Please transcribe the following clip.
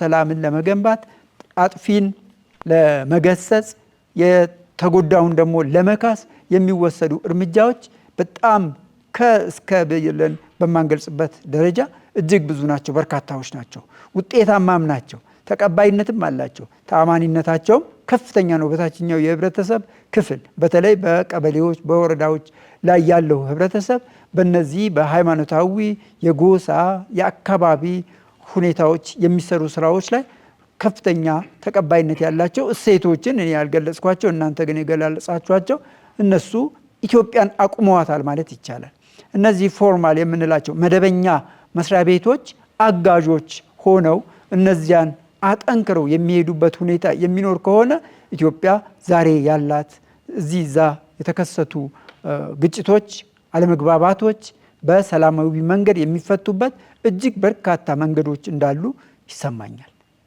ሰላምን ለመገንባት አጥፊን ለመገሰጽ የተጎዳውን ደግሞ ለመካስ የሚወሰዱ እርምጃዎች በጣም ከእስከ ብለን በማንገልጽበት ደረጃ እጅግ ብዙ ናቸው፣ በርካታዎች ናቸው። ውጤታማም ናቸው፣ ተቀባይነትም አላቸው። ተአማኒነታቸውም ከፍተኛ ነው። በታችኛው የህብረተሰብ ክፍል በተለይ በቀበሌዎች በወረዳዎች ላይ ያለው ህብረተሰብ በነዚህ በሃይማኖታዊ የጎሳ የአካባቢ ሁኔታዎች የሚሰሩ ስራዎች ላይ ከፍተኛ ተቀባይነት ያላቸው እሴቶችን እኔ ያልገለጽኳቸው እናንተ ግን የገላለጻችኋቸው እነሱ ኢትዮጵያን አቁመዋታል ማለት ይቻላል። እነዚህ ፎርማል የምንላቸው መደበኛ መስሪያ ቤቶች አጋዦች ሆነው እነዚያን አጠንክረው የሚሄዱበት ሁኔታ የሚኖር ከሆነ ኢትዮጵያ ዛሬ ያላት እዚህ እዛ የተከሰቱ ግጭቶች፣ አለመግባባቶች በሰላማዊ መንገድ የሚፈቱበት እጅግ በርካታ መንገዶች እንዳሉ ይሰማኛል።